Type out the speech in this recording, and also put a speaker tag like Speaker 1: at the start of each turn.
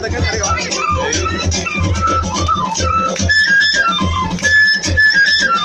Speaker 1: Obrigado,